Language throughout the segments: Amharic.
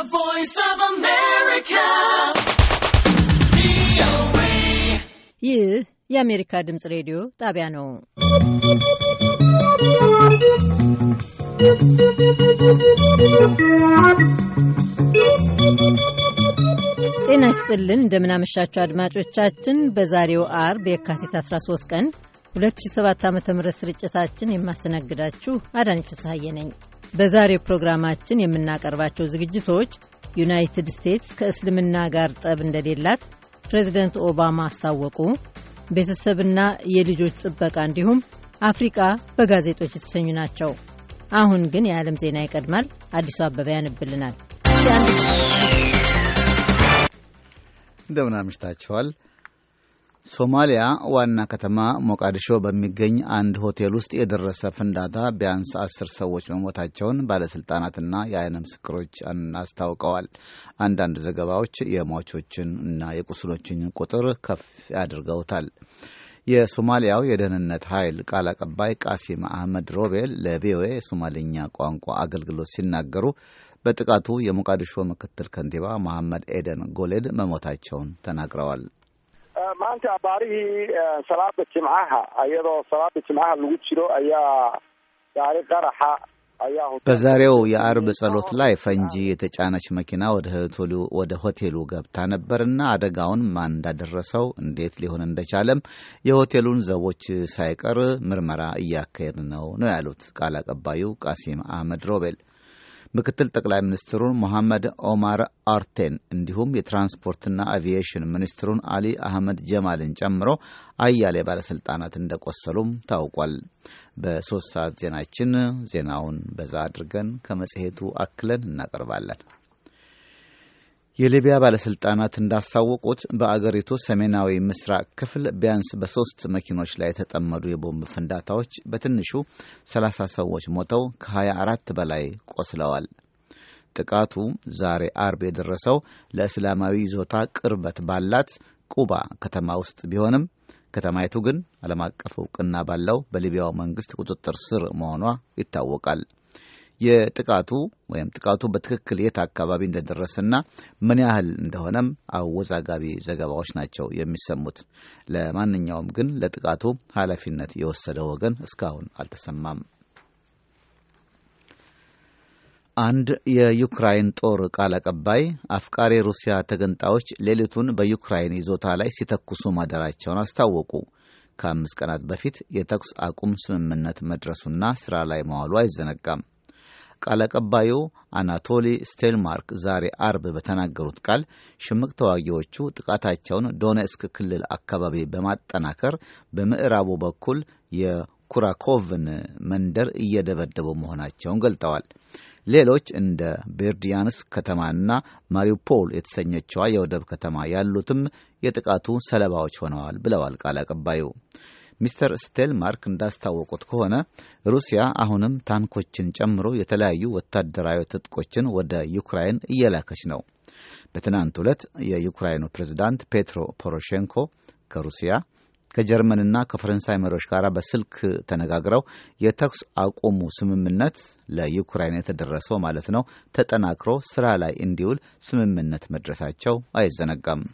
The Voice of America. ይህ የአሜሪካ ድምጽ ሬዲዮ ጣቢያ ነው። ጤና ይስጥልን፣ እንደምናመሻቸው አድማጮቻችን በዛሬው አርብ የካቲት 13 ቀን 2007 ዓ ም ስርጭታችን የማስተናግዳችሁ አዳነች ፍስሐዬ ነኝ። በዛሬው ፕሮግራማችን የምናቀርባቸው ዝግጅቶች ዩናይትድ ስቴትስ ከእስልምና ጋር ጠብ እንደሌላት ፕሬዚደንት ኦባማ አስታወቁ፣ ቤተሰብና የልጆች ጥበቃ እንዲሁም አፍሪቃ በጋዜጦች የተሰኙ ናቸው። አሁን ግን የዓለም ዜና ይቀድማል። አዲሱ አበባ ያነብልናል። እንደምን አምሽታችኋል። ሶማሊያ ዋና ከተማ ሞቃዲሾ በሚገኝ አንድ ሆቴል ውስጥ የደረሰ ፍንዳታ ቢያንስ አስር ሰዎች መሞታቸውን ባለሥልጣናትና የአይን ምስክሮች አስታውቀዋል። አንዳንድ ዘገባዎች የሟቾችን እና የቁስሎችን ቁጥር ከፍ አድርገውታል። የሶማሊያው የደህንነት ኃይል ቃል አቀባይ ቃሲም አህመድ ሮቤል ለቪኦኤ የሶማልኛ ቋንቋ አገልግሎት ሲናገሩ በጥቃቱ የሞቃዲሾ ምክትል ከንቲባ መሐመድ ኤደን ጎሌድ መሞታቸውን ተናግረዋል። maanta abaarihii eh, salaada jimcaha iyadoo salaada jimcaha lagu jiro ayaa gaari qaraxa ayaa በዛሬው የአርብ ጸሎት ላይ ፈንጂ የተጫነች መኪና ወደ ሆቴሉ ገብታ ነበርና አደጋውን ማን እንዳደረሰው እንዴት ሊሆን እንደቻለም የሆቴሉን ዘቦች ሳይቀር ምርመራ እያካሄድ ነው ነው ያሉት ቃል አቀባዩ ቃሲም አህመድ ሮቤል። ምክትል ጠቅላይ ሚኒስትሩን ሞሐመድ ኦማር አርቴን እንዲሁም የትራንስፖርትና አቪዬሽን ሚኒስትሩን አሊ አህመድ ጀማልን ጨምሮ አያሌ ባለስልጣናት እንደቆሰሉም ታውቋል። በሶስት ሰዓት ዜናችን ዜናውን በዛ አድርገን ከመጽሔቱ አክለን እናቀርባለን። የሊቢያ ባለሥልጣናት እንዳስታወቁት በአገሪቱ ሰሜናዊ ምስራቅ ክፍል ቢያንስ በሦስት መኪኖች ላይ የተጠመዱ የቦምብ ፍንዳታዎች በትንሹ 30 ሰዎች ሞተው ከ24 በላይ ቆስለዋል። ጥቃቱ ዛሬ አርብ የደረሰው ለእስላማዊ ይዞታ ቅርበት ባላት ቁባ ከተማ ውስጥ ቢሆንም ከተማይቱ ግን ዓለም አቀፍ እውቅና ባለው በሊቢያው መንግሥት ቁጥጥር ስር መሆኗ ይታወቃል። የጥቃቱ ወይም ጥቃቱ በትክክል የት አካባቢ እንደደረሰና ምን ያህል እንደሆነም አወዛጋቢ ዘገባዎች ናቸው የሚሰሙት። ለማንኛውም ግን ለጥቃቱ ኃላፊነት የወሰደ ወገን እስካሁን አልተሰማም። አንድ የዩክራይን ጦር ቃል አቀባይ አፍቃሪ ሩሲያ ተገንጣዮች ሌሊቱን በዩክራይን ይዞታ ላይ ሲተኩሱ ማደራቸውን አስታወቁ። ከአምስት ቀናት በፊት የተኩስ አቁም ስምምነት መድረሱና ስራ ላይ መዋሉ አይዘነጋም። ቃል አቀባዩ አናቶሊ ስቴልማርክ ዛሬ አርብ በተናገሩት ቃል ሽምቅ ተዋጊዎቹ ጥቃታቸውን ዶኔስክ ክልል አካባቢ በማጠናከር በምዕራቡ በኩል የኩራኮቭን መንደር እየደበደቡ መሆናቸውን ገልጠዋል። ሌሎች እንደ ቤርዲያንስ ከተማና ማሪውፖል የተሰኘችዋ የወደብ ከተማ ያሉትም የጥቃቱ ሰለባዎች ሆነዋል ብለዋል ቃል አቀባዩ። ሚስተር ስቴልማርክ እንዳስታወቁት ከሆነ ሩሲያ አሁንም ታንኮችን ጨምሮ የተለያዩ ወታደራዊ ትጥቆችን ወደ ዩክራይን እየላከች ነው። በትናንት ዕለት የዩክራይኑ ፕሬዝዳንት ፔትሮ ፖሮሼንኮ ከሩሲያ ከጀርመንና ከፈረንሳይ መሪዎች ጋር በስልክ ተነጋግረው የተኩስ አቁሙ ስምምነት ለዩክራይን የተደረሰው ማለት ነው ተጠናክሮ ስራ ላይ እንዲውል ስምምነት መድረሳቸው አይዘነጋም።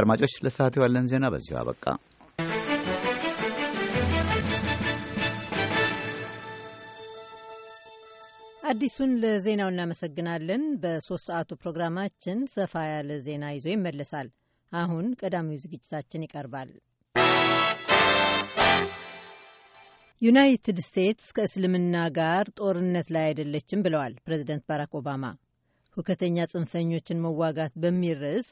አድማጮች፣ ለሰዓቱ ያለን ዜና በዚሁ አበቃ። አዲሱን ለዜናው እናመሰግናለን። በሶስት ሰዓቱ ፕሮግራማችን ሰፋ ያለ ዜና ይዞ ይመለሳል። አሁን ቀዳሚው ዝግጅታችን ይቀርባል። ዩናይትድ ስቴትስ ከእስልምና ጋር ጦርነት ላይ አይደለችም ብለዋል ፕሬዚደንት ባራክ ኦባማ። ሁከተኛ ጽንፈኞችን መዋጋት በሚል ርዕስ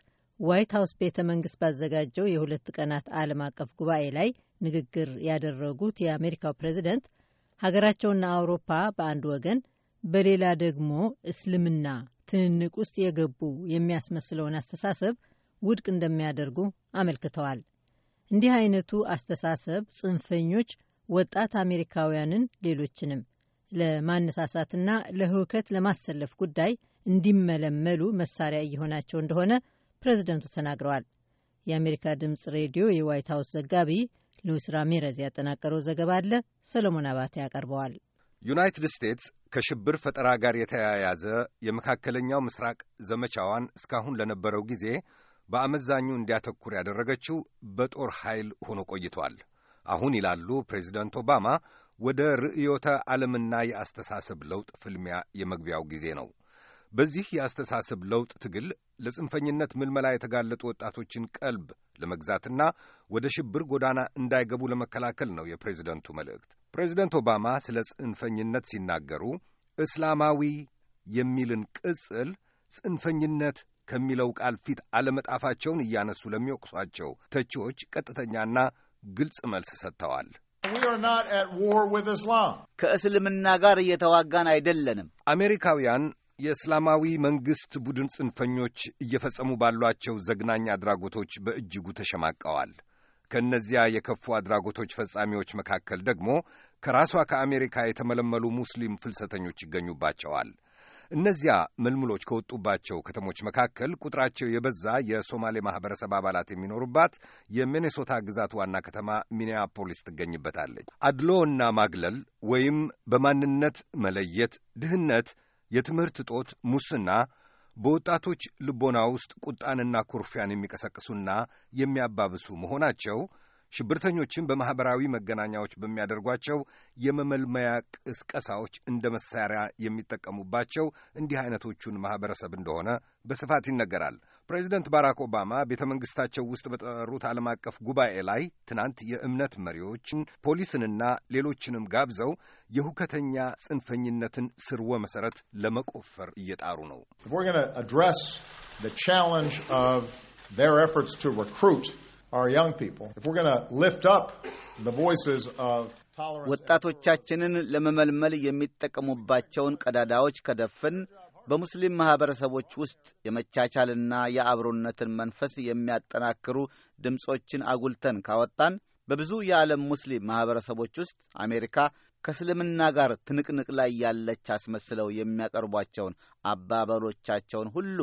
ዋይት ሀውስ ቤተ መንግስት ባዘጋጀው የሁለት ቀናት ዓለም አቀፍ ጉባኤ ላይ ንግግር ያደረጉት የአሜሪካው ፕሬዚደንት ሀገራቸውና አውሮፓ በአንድ ወገን በሌላ ደግሞ እስልምና ትንንቅ ውስጥ የገቡ የሚያስመስለውን አስተሳሰብ ውድቅ እንደሚያደርጉ አመልክተዋል። እንዲህ አይነቱ አስተሳሰብ ጽንፈኞች ወጣት አሜሪካውያንን ሌሎችንም ለማነሳሳትና ለህውከት ለማሰለፍ ጉዳይ እንዲመለመሉ መሳሪያ እየሆናቸው እንደሆነ ፕሬዝደንቱ ተናግረዋል። የአሜሪካ ድምፅ ሬዲዮ የዋይት ሀውስ ዘጋቢ ሉዊስ ራሜረዝ ያጠናቀረው ዘገባ አለ። ሰለሞን አባቴ ያቀርበዋል። ዩናይትድ ስቴትስ ከሽብር ፈጠራ ጋር የተያያዘ የመካከለኛው ምስራቅ ዘመቻዋን እስካሁን ለነበረው ጊዜ በአመዛኙ እንዲያተኩር ያደረገችው በጦር ኃይል ሆኖ ቆይቷል። አሁን ይላሉ ፕሬዚደንት ኦባማ ወደ ርዕዮተ ዓለምና የአስተሳሰብ ለውጥ ፍልሚያ የመግቢያው ጊዜ ነው። በዚህ የአስተሳሰብ ለውጥ ትግል ለጽንፈኝነት ምልመላ የተጋለጡ ወጣቶችን ቀልብ ለመግዛትና ወደ ሽብር ጎዳና እንዳይገቡ ለመከላከል ነው የፕሬዚደንቱ መልእክት። ፕሬዚደንት ኦባማ ስለ ጽንፈኝነት ሲናገሩ እስላማዊ የሚልን ቅጽል ጽንፈኝነት ከሚለው ቃል ፊት አለመጣፋቸውን እያነሱ ለሚወቅሷቸው ተቺዎች ቀጥተኛና ግልጽ መልስ ሰጥተዋል። ከእስልምና ጋር እየተዋጋን አይደለንም። አሜሪካውያን የእስላማዊ መንግሥት ቡድን ጽንፈኞች እየፈጸሙ ባሏቸው ዘግናኝ አድራጎቶች በእጅጉ ተሸማቀዋል። ከእነዚያ የከፉ አድራጎቶች ፈጻሚዎች መካከል ደግሞ ከራሷ ከአሜሪካ የተመለመሉ ሙስሊም ፍልሰተኞች ይገኙባቸዋል። እነዚያ ምልምሎች ከወጡባቸው ከተሞች መካከል ቁጥራቸው የበዛ የሶማሌ ማኅበረሰብ አባላት የሚኖሩባት የሚኔሶታ ግዛት ዋና ከተማ ሚኒያፖሊስ ትገኝበታለች። አድሎና ማግለል ወይም በማንነት መለየት፣ ድህነት፣ የትምህርት እጦት፣ ሙስና በወጣቶች ልቦና ውስጥ ቁጣንና ኩርፊያን የሚቀሰቅሱና የሚያባብሱ መሆናቸው ሽብርተኞችን በማኅበራዊ መገናኛዎች በሚያደርጓቸው የመመልመያ ቅስቀሳዎች እንደ መሳሪያ የሚጠቀሙባቸው እንዲህ አይነቶቹን ማኅበረሰብ እንደሆነ በስፋት ይነገራል። ፕሬዚደንት ባራክ ኦባማ ቤተ መንግሥታቸው ውስጥ በጠሩት ዓለም አቀፍ ጉባኤ ላይ ትናንት የእምነት መሪዎችን፣ ፖሊስንና ሌሎችንም ጋብዘው የሁከተኛ ጽንፈኝነትን ስርወ መሠረት ለመቆፈር እየጣሩ ነው። Their efforts to recruit our young people, if we're going to lift up the voices of ወጣቶቻችንን ለመመልመል የሚጠቀሙባቸውን ቀዳዳዎች ከደፍን በሙስሊም ማኅበረሰቦች ውስጥ የመቻቻልና የአብሮነትን መንፈስ የሚያጠናክሩ ድምፆችን አጉልተን ካወጣን በብዙ የዓለም ሙስሊም ማኅበረሰቦች ውስጥ አሜሪካ ከእስልምና ጋር ትንቅንቅ ላይ ያለች አስመስለው የሚያቀርቧቸውን አባባሎቻቸውን ሁሉ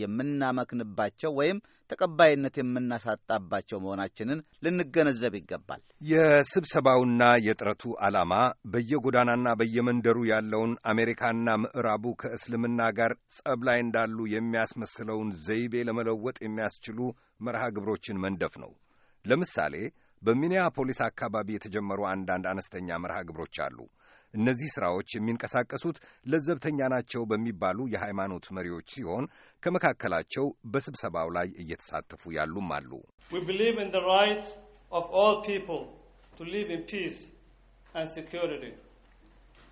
የምናመክንባቸው ወይም ተቀባይነት የምናሳጣባቸው መሆናችንን ልንገነዘብ ይገባል። የስብሰባውና የጥረቱ ዓላማ በየጎዳናና በየመንደሩ ያለውን አሜሪካና ምዕራቡ ከእስልምና ጋር ጸብ ላይ እንዳሉ የሚያስመስለውን ዘይቤ ለመለወጥ የሚያስችሉ መርሃ ግብሮችን መንደፍ ነው። ለምሳሌ በሚኒያፖሊስ አካባቢ የተጀመሩ አንዳንድ አነስተኛ መርሃ ግብሮች አሉ። እነዚህ ሥራዎች የሚንቀሳቀሱት ለዘብተኛ ናቸው በሚባሉ የሃይማኖት መሪዎች ሲሆን ከመካከላቸው በስብሰባው ላይ እየተሳተፉ ያሉም አሉ።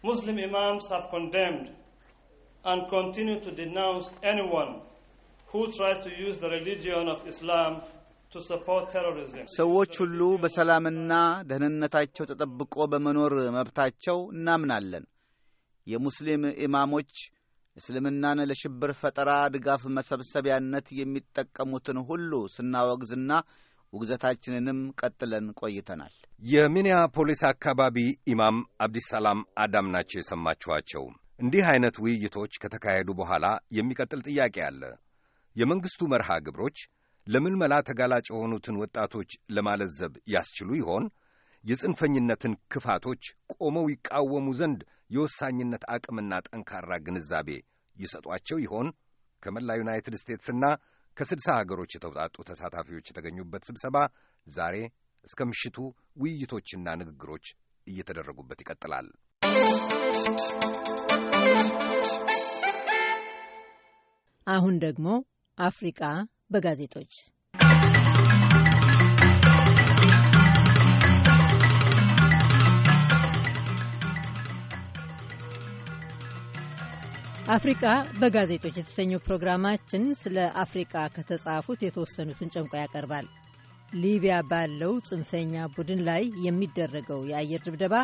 ሙስሊም ኢማምስ ሃቭ ኮንደምድ አንድ continue ቱ denounce ኤኒዋን ሁ ትራይስ ቱ ዩዝ the religion of ሰዎች ሁሉ በሰላምና ደህንነታቸው ተጠብቆ በመኖር መብታቸው እናምናለን። የሙስሊም ኢማሞች እስልምናን ለሽብር ፈጠራ ድጋፍ መሰብሰቢያነት የሚጠቀሙትን ሁሉ ስናወግዝና ውግዘታችንንም ቀጥለን ቆይተናል። የሚኒያፖሊስ አካባቢ ኢማም አብዲሰላም አዳም ናቸው የሰማችኋቸው። እንዲህ ዐይነት ውይይቶች ከተካሄዱ በኋላ የሚቀጥል ጥያቄ አለ። የመንግሥቱ መርሃ ግብሮች ለምልመላ ተጋላጭ የሆኑትን ወጣቶች ለማለዘብ ያስችሉ ይሆን? የጽንፈኝነትን ክፋቶች ቆመው ይቃወሙ ዘንድ የወሳኝነት አቅምና ጠንካራ ግንዛቤ ይሰጧቸው ይሆን? ከመላ ዩናይትድ ስቴትስና ከስድሳ ሀገሮች የተውጣጡ ተሳታፊዎች የተገኙበት ስብሰባ ዛሬ እስከ ምሽቱ ውይይቶችና ንግግሮች እየተደረጉበት ይቀጥላል። አሁን ደግሞ አፍሪቃ በጋዜጦች አፍሪቃ በጋዜጦች የተሰኘው ፕሮግራማችን ስለ አፍሪቃ ከተጻፉት የተወሰኑትን ጨምቆ ያቀርባል። ሊቢያ ባለው ጽንፈኛ ቡድን ላይ የሚደረገው የአየር ድብደባ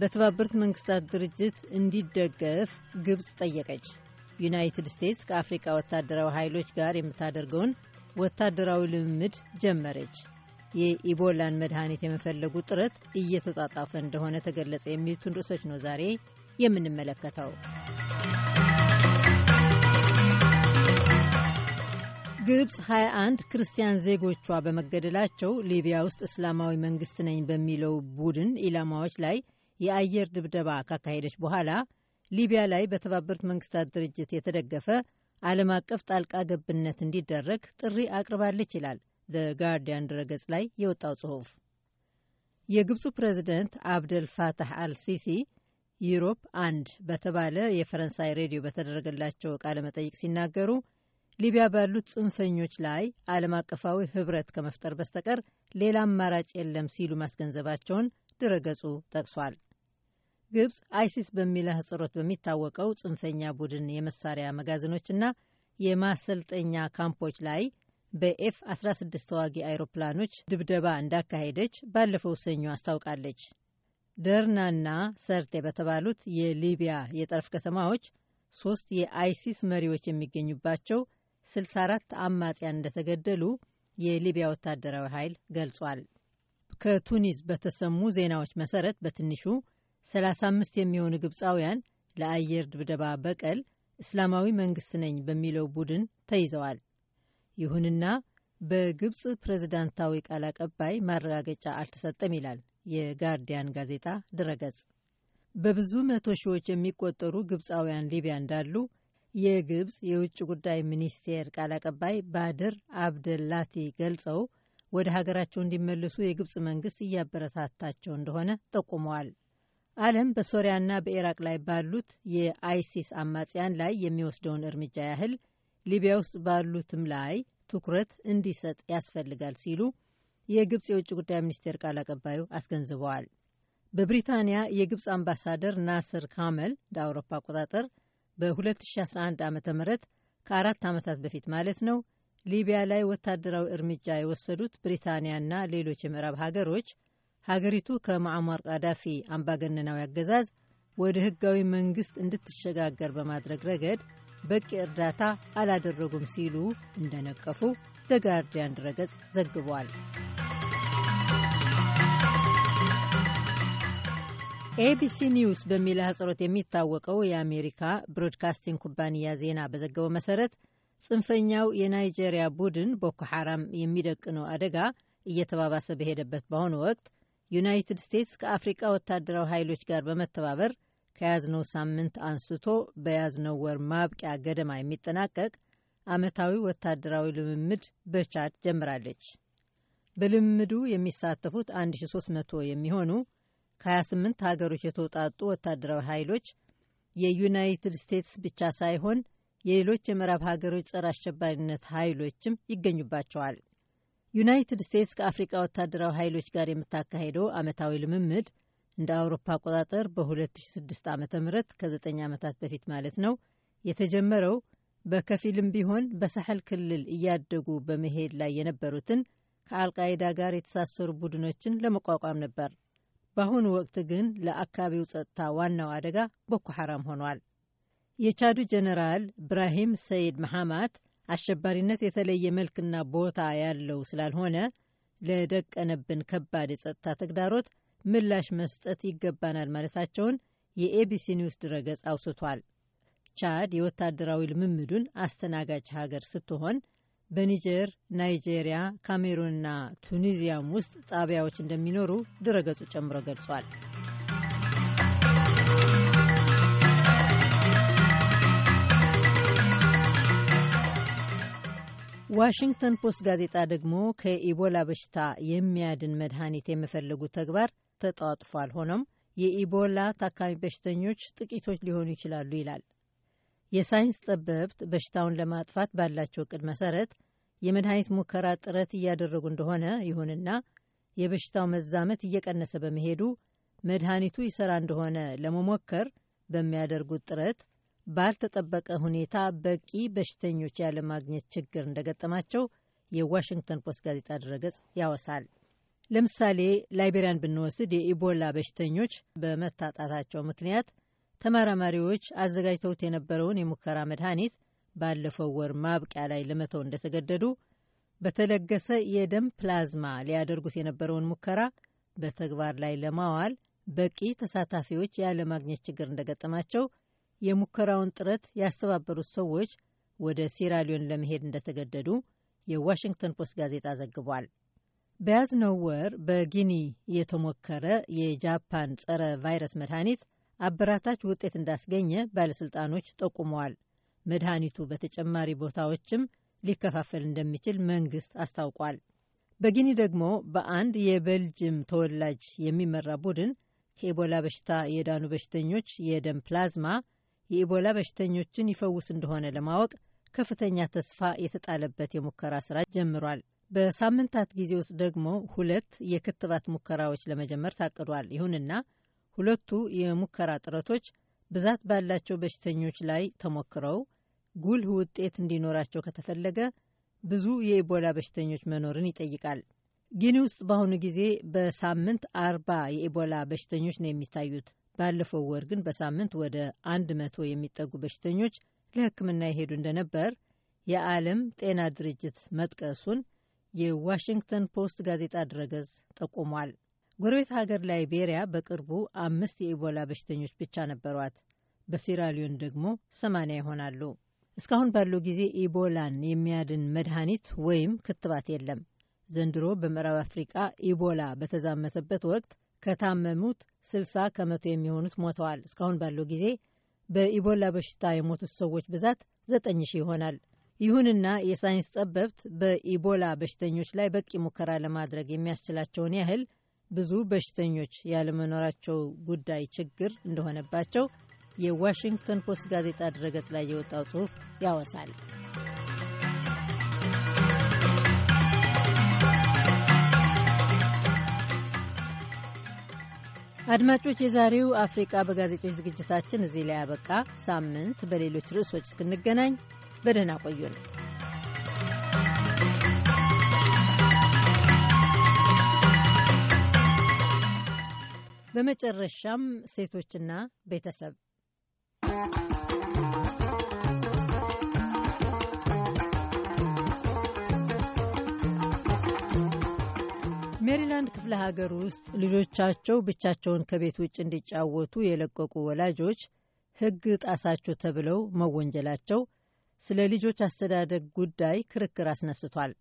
በተባበሩት መንግስታት ድርጅት እንዲደገፍ ግብፅ ጠየቀች። ዩናይትድ ስቴትስ ከአፍሪቃ ወታደራዊ ኃይሎች ጋር የምታደርገውን ወታደራዊ ልምምድ ጀመረች። የኢቦላን መድኃኒት የመፈለጉ ጥረት እየተጣጣፈ እንደሆነ ተገለጸ። የሚሉትን ርዕሶች ነው ዛሬ የምንመለከተው። ግብፅ 21 ክርስቲያን ዜጎቿ በመገደላቸው ሊቢያ ውስጥ እስላማዊ መንግስት ነኝ በሚለው ቡድን ኢላማዎች ላይ የአየር ድብደባ ካካሄደች በኋላ ሊቢያ ላይ በተባበሩት መንግስታት ድርጅት የተደገፈ ዓለም አቀፍ ጣልቃ ገብነት እንዲደረግ ጥሪ አቅርባለች ይላል ጋርዲያን ድረገጽ ላይ የወጣው ጽሑፍ። የግብፁ ፕሬዚደንት አብደል ፋታህ አልሲሲ ዩሮፕ አንድ በተባለ የፈረንሳይ ሬዲዮ በተደረገላቸው ቃለ መጠይቅ ሲናገሩ ሊቢያ ባሉት ጽንፈኞች ላይ ዓለም አቀፋዊ ህብረት ከመፍጠር በስተቀር ሌላ አማራጭ የለም ሲሉ ማስገንዘባቸውን ድረገጹ ጠቅሷል። ግብፅ አይሲስ በሚል ህጽሮት በሚታወቀው ጽንፈኛ ቡድን የመሳሪያ መጋዘኖችና የማሰልጠኛ ካምፖች ላይ በኤፍ 16 ተዋጊ አይሮፕላኖች ድብደባ እንዳካሄደች ባለፈው ሰኞ አስታውቃለች። ደርናና ሰርቴ በተባሉት የሊቢያ የጠረፍ ከተማዎች ሶስት የአይሲስ መሪዎች የሚገኙባቸው 64 አማጽያን እንደተገደሉ የሊቢያ ወታደራዊ ኃይል ገልጿል። ከቱኒስ በተሰሙ ዜናዎች መሰረት በትንሹ 35 የሚሆኑ ግብፃውያን ለአየር ድብደባ በቀል እስላማዊ መንግስት ነኝ በሚለው ቡድን ተይዘዋል። ይሁንና በግብፅ ፕሬዝዳንታዊ ቃል አቀባይ ማረጋገጫ አልተሰጠም ይላል የጋርዲያን ጋዜጣ ድረገጽ። በብዙ መቶ ሺዎች የሚቆጠሩ ግብፃውያን ሊቢያ እንዳሉ የግብፅ የውጭ ጉዳይ ሚኒስቴር ቃል አቀባይ ባድር አብደላቲ ገልጸው ወደ ሀገራቸው እንዲመለሱ የግብፅ መንግስት እያበረታታቸው እንደሆነ ጠቁመዋል። ዓለም በሶሪያና በኢራቅ ላይ ባሉት የአይሲስ አማጽያን ላይ የሚወስደውን እርምጃ ያህል ሊቢያ ውስጥ ባሉትም ላይ ትኩረት እንዲሰጥ ያስፈልጋል ሲሉ የግብፅ የውጭ ጉዳይ ሚኒስቴር ቃል አቀባዩ አስገንዝበዋል። በብሪታንያ የግብፅ አምባሳደር ናስር ካመል እንደ አውሮፓ አቆጣጠር በ2011 ዓ ም ከአራት ዓመታት በፊት ማለት ነው ሊቢያ ላይ ወታደራዊ እርምጃ የወሰዱት ብሪታንያና ሌሎች የምዕራብ ሀገሮች ሀገሪቱ ከማዕማር ቃዳፊ አምባገነናዊ አገዛዝ ወደ ህጋዊ መንግስት እንድትሸጋገር በማድረግ ረገድ በቂ እርዳታ አላደረጉም ሲሉ እንደነቀፉ ዘ ድረገጽ ዘግቧል። ኤቢሲ ኒውስ በሚል አህጽሮት የሚታወቀው የአሜሪካ ብሮድካስቲንግ ኩባንያ ዜና በዘገበው መሰረት ጽንፈኛው የናይጄሪያ ቡድን ቦኮ ሐራም የሚደቅነው አደጋ እየተባባሰ በሄደበት በአሁኑ ወቅት ዩናይትድ ስቴትስ ከአፍሪቃ ወታደራዊ ኃይሎች ጋር በመተባበር ከያዝነው ሳምንት አንስቶ በያዝነው ወር ማብቂያ ገደማ የሚጠናቀቅ ዓመታዊ ወታደራዊ ልምምድ በቻድ ጀምራለች። በልምምዱ የሚሳተፉት 1300 የሚሆኑ ከ28 ሀገሮች የተውጣጡ ወታደራዊ ኃይሎች የዩናይትድ ስቴትስ ብቻ ሳይሆን የሌሎች የምዕራብ ሀገሮች ጸረ አሸባሪነት ኃይሎችም ይገኙባቸዋል። ዩናይትድ ስቴትስ ከአፍሪቃ ወታደራዊ ኃይሎች ጋር የምታካሄደው ዓመታዊ ልምምድ እንደ አውሮፓ አቆጣጠር በ2006 ዓ ም ከ9 ዓመታት በፊት ማለት ነው የተጀመረው በከፊልም ቢሆን በሳሐል ክልል እያደጉ በመሄድ ላይ የነበሩትን ከአልቃይዳ ጋር የተሳሰሩ ቡድኖችን ለመቋቋም ነበር። በአሁኑ ወቅት ግን ለአካባቢው ጸጥታ ዋናው አደጋ ቦኮ ሐራም ሆኗል። የቻዱ ጀነራል ብራሂም ሰይድ መሐማት አሸባሪነት የተለየ መልክና ቦታ ያለው ስላልሆነ ለደቀነብን ከባድ የጸጥታ ተግዳሮት ምላሽ መስጠት ይገባናል ማለታቸውን የኤቢሲ ኒውስ ድረገጽ አውስቷል። ቻድ የወታደራዊ ልምምዱን አስተናጋጅ ሀገር ስትሆን በኒጀር፣ ናይጄሪያ፣ ካሜሩንና ቱኒዚያም ውስጥ ጣቢያዎች እንደሚኖሩ ድረገጹ ጨምሮ ገልጿል። ዋሽንግተን ፖስት ጋዜጣ ደግሞ ከኢቦላ በሽታ የሚያድን መድኃኒት የመፈለጉ ተግባር ተጧጥፏል፣ ሆኖም የኢቦላ ታካሚ በሽተኞች ጥቂቶች ሊሆኑ ይችላሉ ይላል። የሳይንስ ጠበብት በሽታውን ለማጥፋት ባላቸው እቅድ መሰረት የመድኃኒት ሙከራ ጥረት እያደረጉ እንደሆነ፣ ይሁንና የበሽታው መዛመት እየቀነሰ በመሄዱ መድኃኒቱ ይሰራ እንደሆነ ለመሞከር በሚያደርጉት ጥረት ባልተጠበቀ ሁኔታ በቂ በሽተኞች ያለማግኘት ችግር እንደገጠማቸው የዋሽንግተን ፖስት ጋዜጣ ድረገጽ ያወሳል። ለምሳሌ ላይቤሪያን ብንወስድ የኢቦላ በሽተኞች በመታጣታቸው ምክንያት ተመራማሪዎች አዘጋጅተውት የነበረውን የሙከራ መድኃኒት ባለፈው ወር ማብቂያ ላይ ለመተው እንደተገደዱ፣ በተለገሰ የደም ፕላዝማ ሊያደርጉት የነበረውን ሙከራ በተግባር ላይ ለማዋል በቂ ተሳታፊዎች ያለማግኘት ችግር እንደገጠማቸው የሙከራውን ጥረት ያስተባበሩት ሰዎች ወደ ሴራሊዮን ለመሄድ እንደተገደዱ የዋሽንግተን ፖስት ጋዜጣ ዘግቧል። በያዝነው ወር በጊኒ የተሞከረ የጃፓን ጸረ ቫይረስ መድኃኒት አበራታች ውጤት እንዳስገኘ ባለሥልጣኖች ጠቁመዋል። መድኃኒቱ በተጨማሪ ቦታዎችም ሊከፋፈል እንደሚችል መንግሥት አስታውቋል። በጊኒ ደግሞ በአንድ የቤልጅም ተወላጅ የሚመራ ቡድን ከኢቦላ በሽታ የዳኑ በሽተኞች የደም ፕላዝማ የኢቦላ በሽተኞችን ይፈውስ እንደሆነ ለማወቅ ከፍተኛ ተስፋ የተጣለበት የሙከራ ስራ ጀምሯል። በሳምንታት ጊዜ ውስጥ ደግሞ ሁለት የክትባት ሙከራዎች ለመጀመር ታቅዷል። ይሁንና ሁለቱ የሙከራ ጥረቶች ብዛት ባላቸው በሽተኞች ላይ ተሞክረው ጉልህ ውጤት እንዲኖራቸው ከተፈለገ ብዙ የኢቦላ በሽተኞች መኖርን ይጠይቃል። ጊኒ ውስጥ በአሁኑ ጊዜ በሳምንት አርባ የኢቦላ በሽተኞች ነው የሚታዩት። ባለፈው ወር ግን በሳምንት ወደ 100 የሚጠጉ በሽተኞች ለሕክምና የሄዱ እንደነበር የዓለም ጤና ድርጅት መጥቀሱን የዋሽንግተን ፖስት ጋዜጣ ድረገጽ ጠቁሟል። ጎረቤት ሀገር ላይቤሪያ በቅርቡ አምስት የኢቦላ በሽተኞች ብቻ ነበሯት። በሲራሊዮን ደግሞ ሰማንያ ይሆናሉ። እስካሁን ባለው ጊዜ ኢቦላን የሚያድን መድኃኒት ወይም ክትባት የለም። ዘንድሮ በምዕራብ አፍሪቃ ኢቦላ በተዛመተበት ወቅት ከታመሙት 60 ከመቶ የሚሆኑት ሞተዋል። እስካሁን ባለው ጊዜ በኢቦላ በሽታ የሞቱት ሰዎች ብዛት 9 ሺህ ይሆናል። ይሁንና የሳይንስ ጠበብት በኢቦላ በሽተኞች ላይ በቂ ሙከራ ለማድረግ የሚያስችላቸውን ያህል ብዙ በሽተኞች ያለመኖራቸው ጉዳይ ችግር እንደሆነባቸው የዋሽንግተን ፖስት ጋዜጣ ድረገጽ ላይ የወጣው ጽሑፍ ያወሳል። አድማጮች፣ የዛሬው አፍሪቃ በጋዜጦች ዝግጅታችን እዚህ ላይ ያበቃ። ሳምንት በሌሎች ርዕሶች እስክንገናኝ በደህና ቆዩን። በመጨረሻም ሴቶችና ቤተሰብ ሜሪላንድ ክፍለ ሀገር ውስጥ ልጆቻቸው ብቻቸውን ከቤት ውጭ እንዲጫወቱ የለቀቁ ወላጆች ሕግ ጣሳችሁ ተብለው መወንጀላቸው ስለ ልጆች አስተዳደግ ጉዳይ ክርክር አስነስቷል።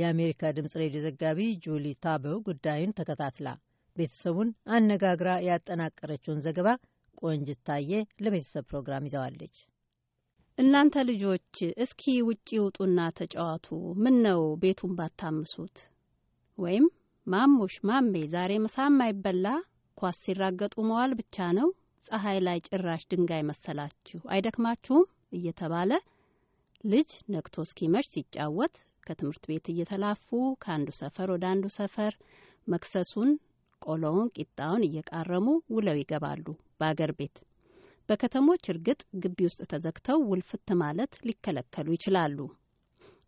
የአሜሪካ ድምፅ ሬዲዮ ዘጋቢ ጁሊ ታበው ጉዳዩን ተከታትላ ቤተሰቡን አነጋግራ ያጠናቀረችውን ዘገባ ቆንጅታየ ለቤተሰብ ፕሮግራም ይዘዋለች። እናንተ ልጆች እስኪ ውጪ ውጡና ተጫዋቱ፣ ምን ነው ቤቱን ባታምሱት ወይም ማሙሽ ማሜ ዛሬ ምሳ የማይበላ ኳስ ሲራገጡ መዋል ብቻ ነው፣ ፀሐይ ላይ ጭራሽ ድንጋይ መሰላችሁ አይደክማችሁም እየተባለ ልጅ ነቅቶ እስኪመሽ ሲጫወት ከትምህርት ቤት እየተላፉ ከአንዱ ሰፈር ወደ አንዱ ሰፈር መክሰሱን፣ ቆሎውን፣ ቂጣውን እየቃረሙ ውለው ይገባሉ በአገር ቤት። በከተሞች እርግጥ ግቢ ውስጥ ተዘግተው ውልፍት ማለት ሊከለከሉ ይችላሉ።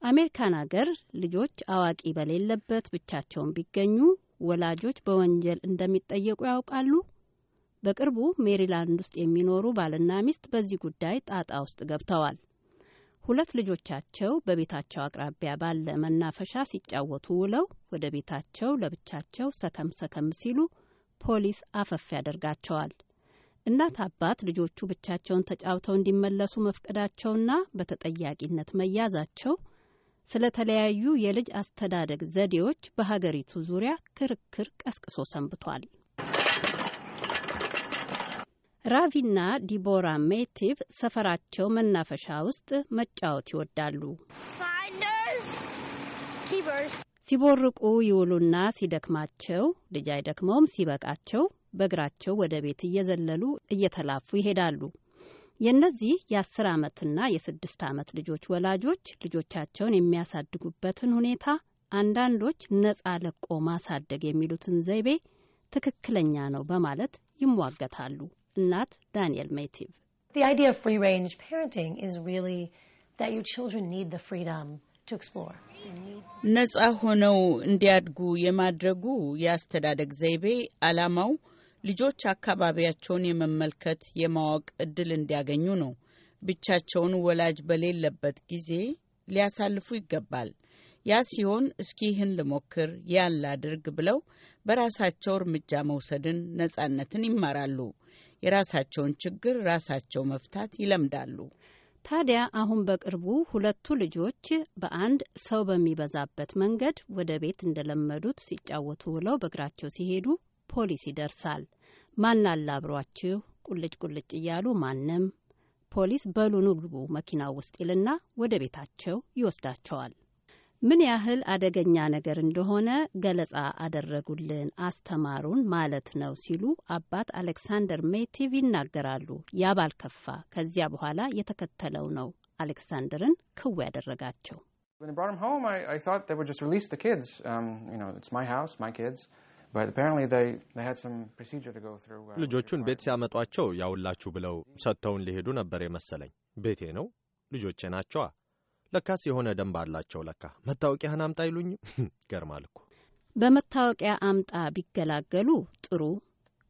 አሜሪካን አገር ልጆች አዋቂ በሌለበት ብቻቸውን ቢገኙ ወላጆች በወንጀል እንደሚጠየቁ ያውቃሉ? በቅርቡ ሜሪላንድ ውስጥ የሚኖሩ ባልና ሚስት በዚህ ጉዳይ ጣጣ ውስጥ ገብተዋል። ሁለት ልጆቻቸው በቤታቸው አቅራቢያ ባለ መናፈሻ ሲጫወቱ ውለው ወደ ቤታቸው ለብቻቸው ሰከም ሰከም ሲሉ ፖሊስ አፈፍ ያደርጋቸዋል። እናት አባት ልጆቹ ብቻቸውን ተጫውተው እንዲመለሱ መፍቀዳቸውና በተጠያቂነት መያዛቸው ስለተለያዩ የልጅ አስተዳደግ ዘዴዎች በሀገሪቱ ዙሪያ ክርክር ቀስቅሶ ሰንብቷል። ራቪና ዲቦራ ሜቲቭ ሰፈራቸው መናፈሻ ውስጥ መጫወት ይወዳሉ። ሲቦርቁ ይውሉና ሲደክማቸው፣ ልጅ አይደክመውም፣ ሲበቃቸው በእግራቸው ወደ ቤት እየዘለሉ እየተላፉ ይሄዳሉ። የእነዚህ የአስር ዓመትና የስድስት ዓመት ልጆች ወላጆች ልጆቻቸውን የሚያሳድጉበትን ሁኔታ አንዳንዶች ነጻ ለቆ ማሳደግ የሚሉትን ዘይቤ ትክክለኛ ነው በማለት ይሟገታሉ። እናት ዳንኤል ሜቲቭ ነጻ ሆነው እንዲያድጉ የማድረጉ የአስተዳደግ ዘይቤ ዓላማው ልጆች አካባቢያቸውን የመመልከት የማወቅ እድል እንዲያገኙ ነው። ብቻቸውን ወላጅ በሌለበት ጊዜ ሊያሳልፉ ይገባል። ያ ሲሆን እስኪ ይህን ልሞክር፣ ያን ላድርግ ብለው በራሳቸው እርምጃ መውሰድን፣ ነጻነትን ይማራሉ። የራሳቸውን ችግር ራሳቸው መፍታት ይለምዳሉ። ታዲያ አሁን በቅርቡ ሁለቱ ልጆች በአንድ ሰው በሚበዛበት መንገድ ወደ ቤት እንደለመዱት ሲጫወቱ ውለው በእግራቸው ሲሄዱ ፖሊስ ይደርሳል። ማን አብሯችሁ? ቁልጭ ቁልጭ እያሉ ማንም ፖሊስ በሉኑ ግቡ መኪና ውስጥ ይልና ወደ ቤታቸው ይወስዳቸዋል። ምን ያህል አደገኛ ነገር እንደሆነ ገለጻ አደረጉልን፣ አስተማሩን ማለት ነው ሲሉ አባት አሌክሳንደር ሜቲቭ ይናገራሉ። ያ ባልከፋ ከዚያ በኋላ የተከተለው ነው አሌክሳንደርን ክው ያደረጋቸው። Uh, ልጆቹን ቤት ሲያመጧቸው ያውላችሁ ብለው ሰጥተውን ሊሄዱ ነበር የመሰለኝ። ቤቴ ነው፣ ልጆቼ ናቸዋ። ለካስ የሆነ ደንብ አላቸው። ለካ መታወቂያህን አምጣ ይሉኝም። ገርማል እኮ። በመታወቂያ አምጣ ቢገላገሉ ጥሩ።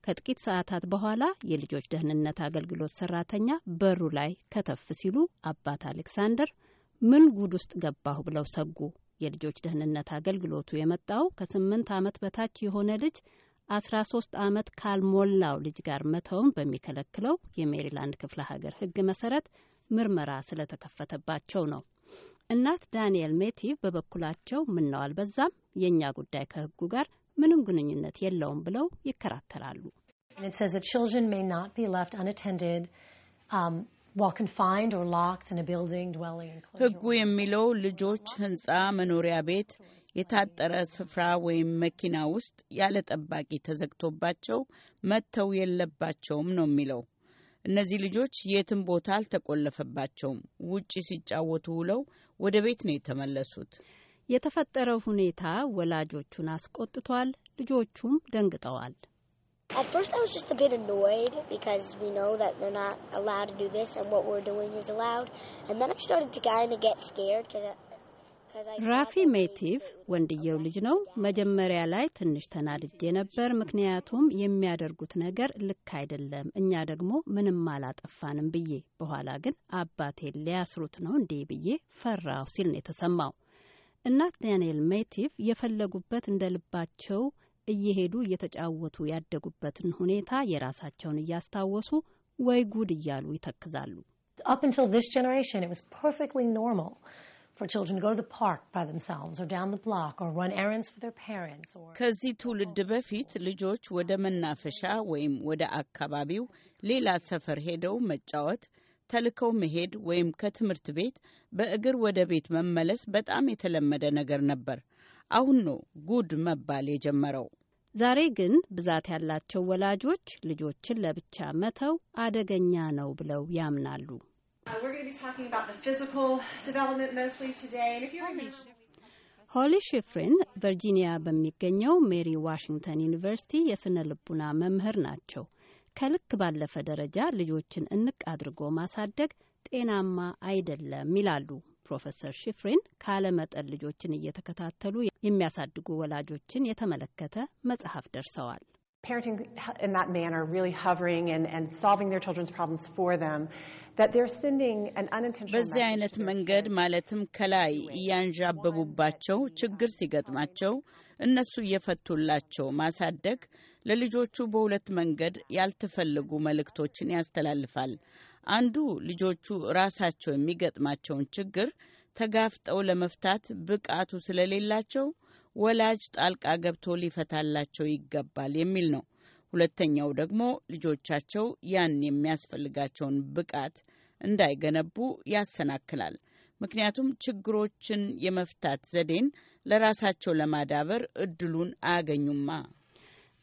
ከጥቂት ሰዓታት በኋላ የልጆች ደህንነት አገልግሎት ሰራተኛ በሩ ላይ ከተፍ ሲሉ አባት አሌክሳንደር ምን ጉድ ውስጥ ገባሁ ብለው ሰጉ። የልጆች ደህንነት አገልግሎቱ የመጣው ከስምንት ዓመት በታች የሆነ ልጅ ሶስት ዓመት ካልሞላው ልጅ ጋር መተውን በሚከለክለው የሜሪላንድ ክፍለ ሀገር ሕግ መሰረት ምርመራ ስለተከፈተባቸው ነው። እናት ዳንኤል ሜቲቭ በበኩላቸው ምነው አልበዛም፣ የእኛ ጉዳይ ከሕጉ ጋር ምንም ግንኙነት የለውም ብለው ይከራከራሉ። ህጉ የሚለው ልጆች ህንፃ መኖሪያ ቤት፣ የታጠረ ስፍራ ወይም መኪና ውስጥ ያለ ጠባቂ ተዘግቶባቸው መጥተው የለባቸውም ነው የሚለው። እነዚህ ልጆች የትም ቦታ አልተቆለፈባቸውም። ውጪ ሲጫወቱ ውለው ወደ ቤት ነው የተመለሱት። የተፈጠረው ሁኔታ ወላጆቹን አስቆጥቷል። ልጆቹም ደንግጠዋል። At first, I was just a bit annoyed because we know that they're not allowed to do this and what we're doing is allowed. And then I started to kind of get scared because. ራፊ ሜቲቭ ወንድየው ልጅ ነው። መጀመሪያ ላይ ትንሽ ተናድጄ ነበር፣ ምክንያቱም የሚያደርጉት ነገር ልክ አይደለም፣ እኛ ደግሞ ምንም አላጠፋንም ብዬ። በኋላ ግን አባቴ ሊያስሩት ነው እንዴ ብዬ ፈራው ሲል ነው የተሰማው። እናት ዳንኤል ሜቲቭ የፈለጉበት እንደ ልባቸው እየሄዱ እየተጫወቱ ያደጉበትን ሁኔታ የራሳቸውን እያስታወሱ ወይ ጉድ እያሉ ይተክዛሉ። ከዚህ ትውልድ በፊት ልጆች ወደ መናፈሻ ወይም ወደ አካባቢው ሌላ ሰፈር ሄደው መጫወት፣ ተልከው መሄድ ወይም ከትምህርት ቤት በእግር ወደ ቤት መመለስ በጣም የተለመደ ነገር ነበር። አሁን ነው ጉድ መባል የጀመረው። ዛሬ ግን ብዛት ያላቸው ወላጆች ልጆችን ለብቻ መተው አደገኛ ነው ብለው ያምናሉ። uh, ሆሊ ሽፍሪን ቨርጂኒያ በሚገኘው ሜሪ ዋሽንግተን ዩኒቨርሲቲ የስነ ልቡና መምህር ናቸው። ከልክ ባለፈ ደረጃ ልጆችን እንቅ አድርጎ ማሳደግ ጤናማ አይደለም ይላሉ። ፕሮፌሰር ሽፍሪን ካለመጠን ልጆችን እየተከታተሉ የሚያሳድጉ ወላጆችን የተመለከተ መጽሐፍ ደርሰዋል። parenting in that manner, really hovering and, and solving their children's problems for them, that they're sending an unintentional በዚህ አይነት መንገድ ማለትም ከላይ እያንዣበቡባቸው ችግር ሲገጥማቸው እነሱ እየፈቱላቸው ማሳደግ ለልጆቹ በሁለት መንገድ ያልተፈለጉ መልእክቶችን ያስተላልፋል። አንዱ ልጆቹ ራሳቸው የሚገጥማቸውን ችግር ተጋፍጠው ለመፍታት ብቃቱ ስለሌላቸው ወላጅ ጣልቃ ገብቶ ሊፈታላቸው ይገባል የሚል ነው። ሁለተኛው ደግሞ ልጆቻቸው ያን የሚያስፈልጋቸውን ብቃት እንዳይገነቡ ያሰናክላል። ምክንያቱም ችግሮችን የመፍታት ዘዴን ለራሳቸው ለማዳበር እድሉን አያገኙማ።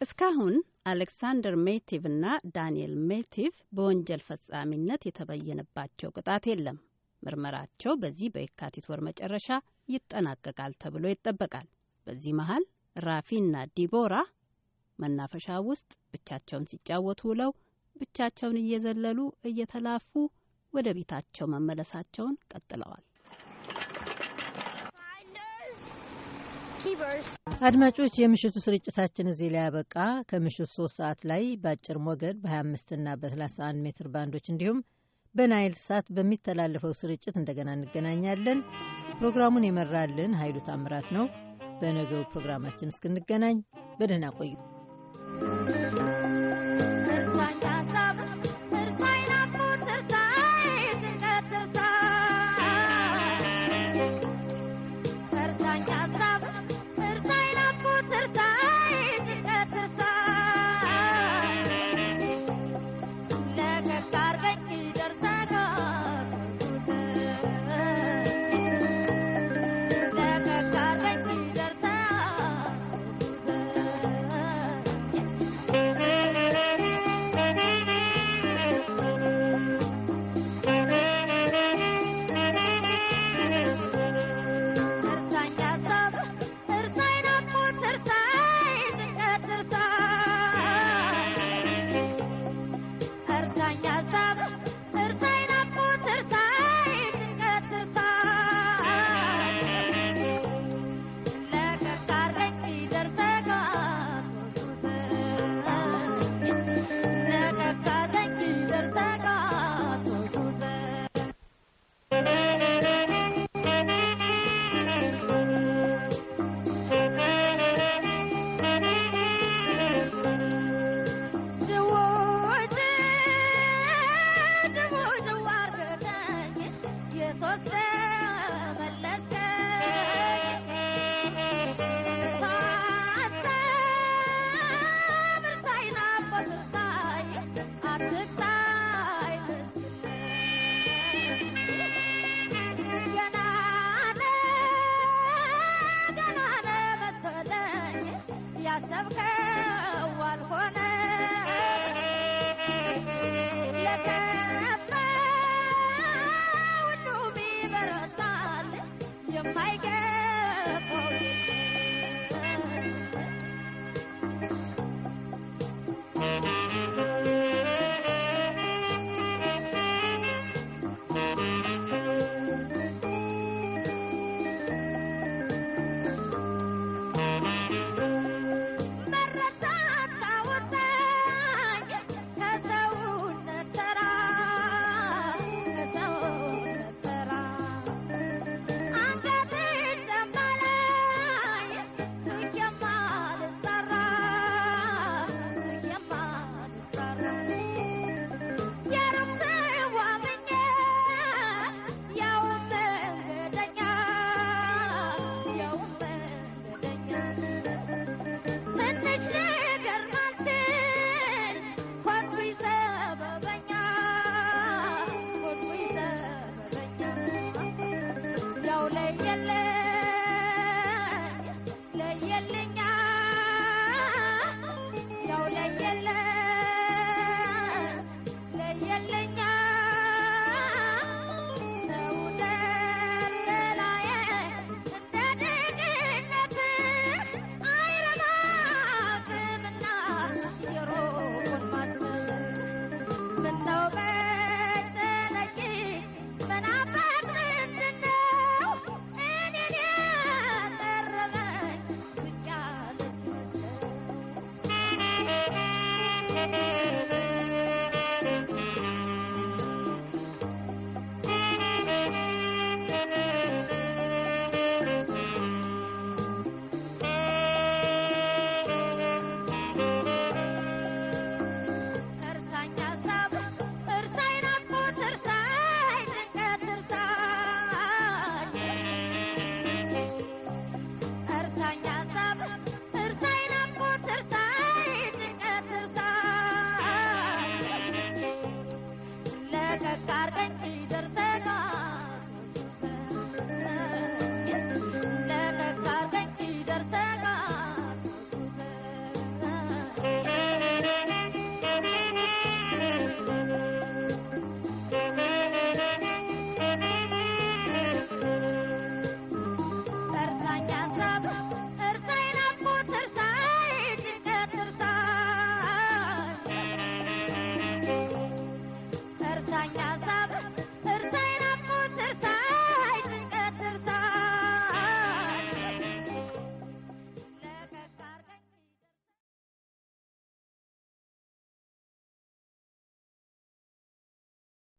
እስካሁን አሌክሳንደር ሜቲቭ እና ዳንኤል ሜቲቭ በወንጀል ፈጻሚነት የተበየነባቸው ቅጣት የለም። ምርመራቸው በዚህ በየካቲት ወር መጨረሻ ይጠናቀቃል ተብሎ ይጠበቃል። በዚህ መሀል ራፊና ዲቦራ መናፈሻ ውስጥ ብቻቸውን ሲጫወቱ ውለው ብቻቸውን እየዘለሉ እየተላፉ ወደ ቤታቸው መመለሳቸውን ቀጥለዋል። አድማጮች የምሽቱ ስርጭታችን እዚህ ላይ ያበቃ። ከምሽቱ ሶስት ሰዓት ላይ በአጭር ሞገድ በ25ና በ31 ሜትር ባንዶች እንዲሁም በናይል ሳት በሚተላለፈው ስርጭት እንደገና እንገናኛለን። ፕሮግራሙን የመራልን ኃይሉ ታምራት ነው። በነገው ፕሮግራማችን እስክንገናኝ በደህና ቆዩ።